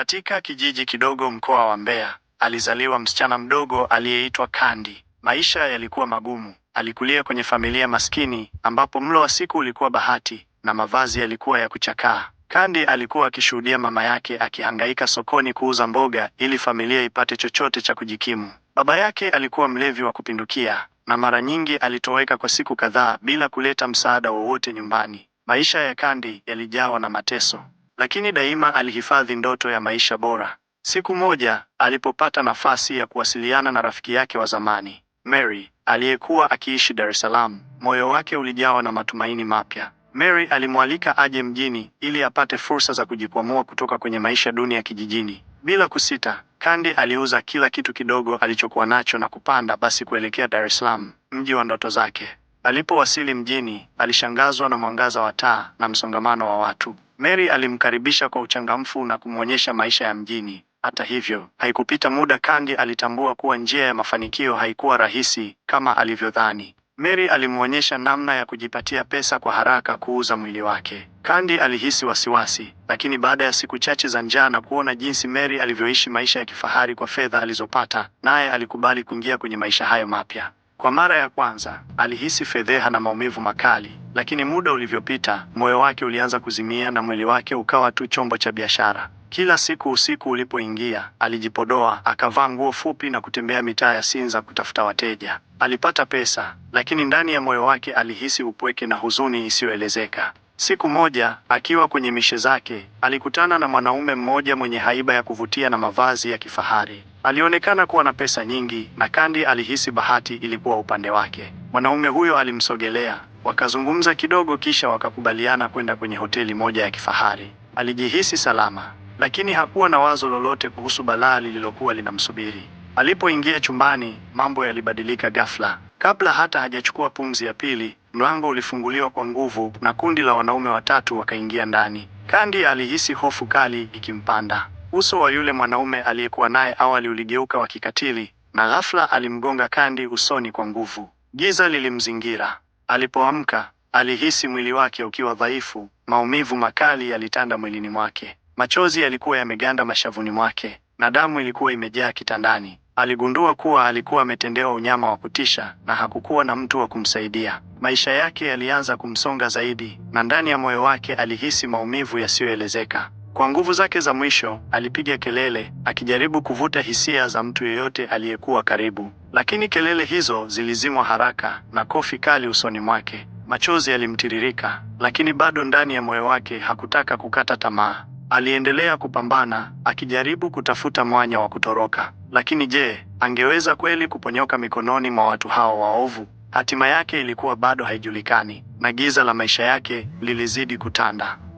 Katika kijiji kidogo mkoa wa Mbeya, alizaliwa msichana mdogo aliyeitwa Kandi. Maisha yalikuwa magumu. Alikulia kwenye familia maskini ambapo mlo wa siku ulikuwa bahati na mavazi yalikuwa ya kuchakaa. Kandi alikuwa akishuhudia mama yake akihangaika sokoni kuuza mboga ili familia ipate chochote cha kujikimu. Baba yake alikuwa mlevi wa kupindukia na mara nyingi alitoweka kwa siku kadhaa bila kuleta msaada wowote nyumbani. Maisha ya Kandi yalijawa na mateso lakini daima alihifadhi ndoto ya maisha bora. Siku moja alipopata nafasi ya kuwasiliana na rafiki yake wa zamani Mary aliyekuwa akiishi Dar es Salaam, moyo wake ulijawa na matumaini mapya. Mary alimwalika aje mjini ili apate fursa za kujikwamua kutoka kwenye maisha duni ya kijijini. Bila kusita, Kandi aliuza kila kitu kidogo alichokuwa nacho na kupanda basi kuelekea Dar es Salaam, mji wa ndoto zake. Alipowasili mjini, alishangazwa na mwangaza wa taa na msongamano wa watu. Mary alimkaribisha kwa uchangamfu na kumwonyesha maisha ya mjini. Hata hivyo, haikupita muda kandi alitambua kuwa njia ya mafanikio haikuwa rahisi kama alivyodhani. Mary alimwonyesha namna ya kujipatia pesa kwa haraka kuuza mwili wake. kandi alihisi wasiwasi, lakini baada ya siku chache za njaa na kuona jinsi Mary alivyoishi maisha ya kifahari kwa fedha alizopata, naye alikubali kuingia kwenye maisha hayo mapya. Kwa mara ya kwanza, alihisi fedheha na maumivu makali, lakini muda ulivyopita, moyo wake ulianza kuzimia na mwili wake ukawa tu chombo cha biashara. Kila siku usiku ulipoingia, alijipodoa, akavaa nguo fupi na kutembea mitaa ya Sinza kutafuta wateja. Alipata pesa, lakini ndani ya moyo wake alihisi upweke na huzuni isiyoelezeka. Siku moja, akiwa kwenye mishe zake, alikutana na mwanaume mmoja mwenye haiba ya kuvutia na mavazi ya kifahari. Alionekana kuwa na pesa nyingi na Kandi alihisi bahati ilikuwa upande wake. Mwanaume huyo alimsogelea, wakazungumza kidogo kisha wakakubaliana kwenda kwenye hoteli moja ya kifahari. Alijihisi salama, lakini hakuwa na wazo lolote kuhusu balaa lililokuwa linamsubiri. Alipoingia chumbani, mambo yalibadilika ghafla. Kabla hata hajachukua pumzi ya pili, Mlango ulifunguliwa kwa nguvu na kundi la wanaume watatu wakaingia ndani. Kandi alihisi hofu kali ikimpanda. Uso wa yule mwanaume aliyekuwa naye awali uligeuka wa kikatili, na ghafla alimgonga Kandi usoni kwa nguvu. Giza lilimzingira. Alipoamka alihisi mwili wake ukiwa dhaifu, maumivu makali yalitanda mwilini mwake, machozi yalikuwa yameganda mashavuni mwake na damu ilikuwa imejaa kitandani. Aligundua kuwa alikuwa ametendewa unyama wa kutisha na hakukuwa na mtu wa kumsaidia. Maisha yake yalianza kumsonga zaidi, na ndani ya moyo wake alihisi maumivu yasiyoelezeka. Kwa nguvu zake za mwisho, alipiga kelele akijaribu kuvuta hisia za mtu yeyote aliyekuwa karibu, lakini kelele hizo zilizimwa haraka na kofi kali usoni mwake. Machozi yalimtiririka, lakini bado ndani ya moyo wake hakutaka kukata tamaa. Aliendelea kupambana akijaribu kutafuta mwanya wa kutoroka. Lakini je, angeweza kweli kuponyoka mikononi mwa watu hao waovu? Hatima yake ilikuwa bado haijulikani na giza la maisha yake lilizidi kutanda.